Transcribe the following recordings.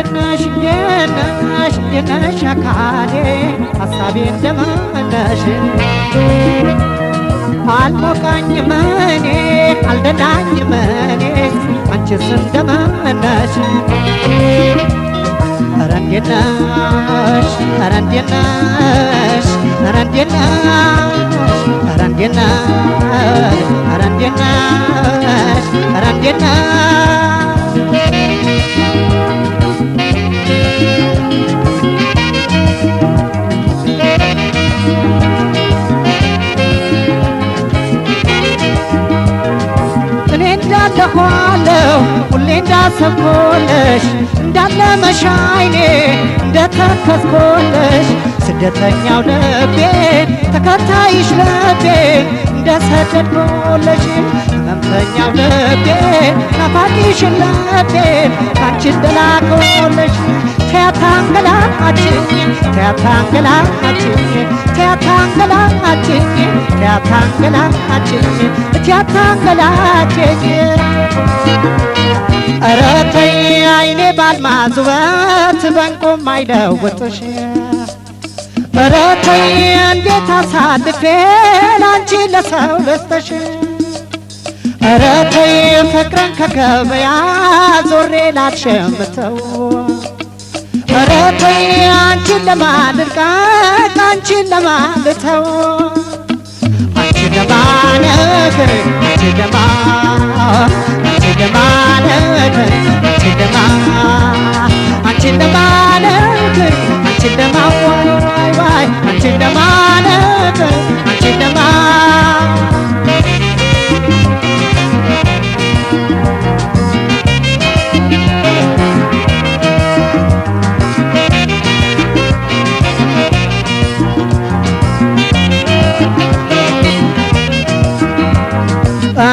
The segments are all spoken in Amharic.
እንዴት አካሌ ሀሳቤ እንደመነሽ አልሞቀኝም እኔ አልደናኝም እኔ አንቺስ እንደመነሽ ኧረ እንዴት ተኳለሁ ሁሌ እንዳሰብኮለሽ እንዳለመሻ አይኔ እንደተከዝኮለሽ ስደተኛው ልቤ ተከታይሽ ልቤ እንደሰደድሞ ለሽን ህመምተኛው ልቤ ናፋቂሽን ልቤ አንቺን ብላቆለሽ ከያታንገላችኝ ከያታንገላችኝ ከያታንገላችኝ ከያታንገላችኝ ከያታንገላችኝ ኧረ ተይ አይኔ ባልማዝ ውበት በእንቁም አይለውጥሽ ተረከኝ እንዴት አሳልፌ ላንቺ ለሰው ልስጥሽ ኧረ ተይ ፍቅርን ከገበያ ዞሬ ላልሸምተው ኧረ ተይ አንቺን ለማልርቃት አንቺን ለማልተው አንቺን አንቺን ለማ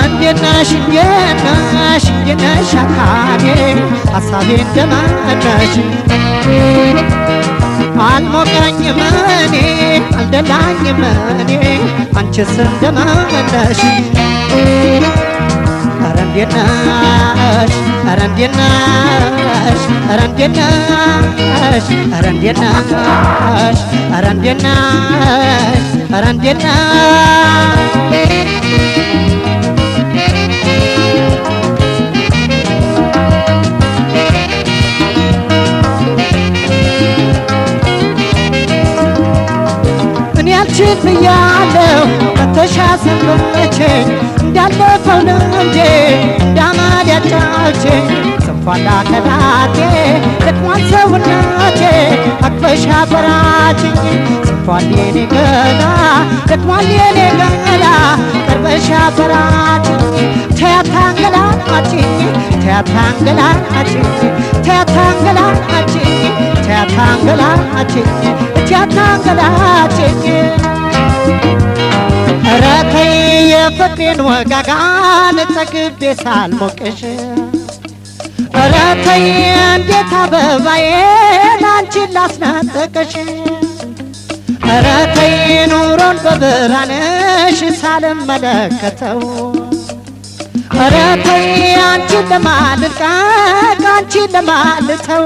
እንዴናሽ እንዴናሽ እንዴናሽ አካቤ ሀሳቤ እንደማነሽ አልሞቀኝም እኔ አልደላኝም እኔ አንቺስ እንደማነሽ ኧረ እንዴናሽ ኧረ አንቺን ብያለሁ መተሻ ሰመቸኝ እንዳለፈው ልምዴ ዳማድ ያጫውቼኝ ሰፋላ ከዳቴ ደክሟን ሰውነቴ አቅፈሻ በራችኝ ሰፋል የኔ ገላ ደክሟል የኔ ገላ ቀርበሻ በራችኝ ተያታንገላችኝ ተያታንገላችኝ ተያታንገላችኝ ተያታንገላችኝ ያታንገላችኝ ኧረ ተይ የፍቅሬን ወጋጋን ጠግቤ ሳልሞቅሽ ኧረ ተይ እንዴት አበባዬን አንቺን ላስናጠቅሽ ኧረ ተይ ኑሮን በብርሃንሽ ሳልመለከተው ኧረ ተይ አንቺን ለማልቃቅ አንቺን ለማልተው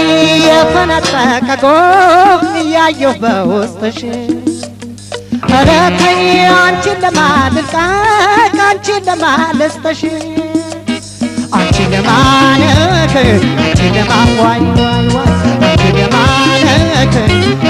ተነጠቀ ጎን እያየሁ በውስጥሽ ኧረ ተይ አንቺን ለማልልቀቅ አንቺን ለማልስተሽ አንቺን ለማነክ አንቺን ለማዋይ ዋይ አንቺን ለማነክ